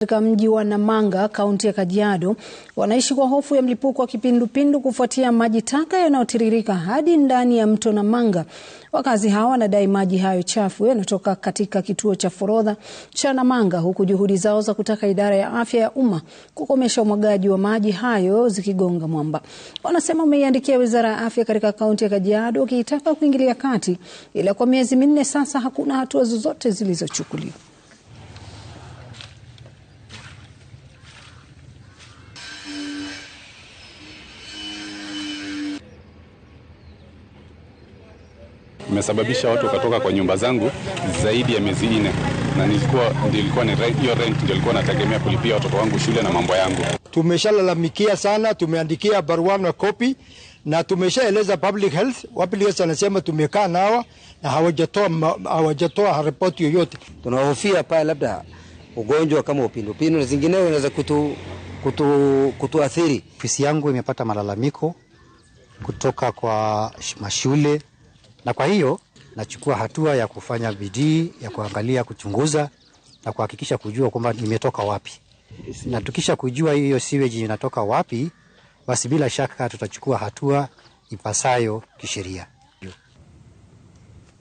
Katika mji wa Namanga, kaunti ya Kajiado, wanaishi kwa hofu ya mlipuko wa kipindupindu kufuatia maji taka yanayotiririka hadi ndani ya mto Namanga. Wakazi hawa wanadai maji hayo chafu yanatoka katika kituo cha forodha cha Namanga, huku juhudi zao za kutaka idara ya afya ya umma kukomesha umwagaji wa maji hayo zikigonga mwamba. Wanasema wameiandikia wizara ya afya katika kaunti ya Kajiado wakiitaka kuingilia kati, ila kwa miezi minne sasa hakuna hatua zozote zilizochukuliwa. imesababisha watu wakatoka kwa nyumba zangu zaidi ya miezi nne, na nilikuwa nilikuwa ni hiyo rent ndio nilikuwa nategemea kulipia watoto wangu shule na mambo yangu. Tumeshalalamikia sana, tumeandikia barua na kopi na tumeshaeleza public health. Public anasema tumekaa nao na hawajatoa hawajatoa ripoti yoyote. Tunahofia pale labda ugonjwa kama upindupindu na zingineo inaweza kutu, kutu, kutuathiri. Ofisi yangu imepata malalamiko kutoka kwa mashule na kwa hiyo nachukua hatua ya kufanya bidii ya kuangalia, kuchunguza na kuhakikisha kujua kwamba imetoka wapi, na tukisha kujua hiyo sewage inatoka wapi, basi bila shaka tutachukua hatua ipasayo kisheria.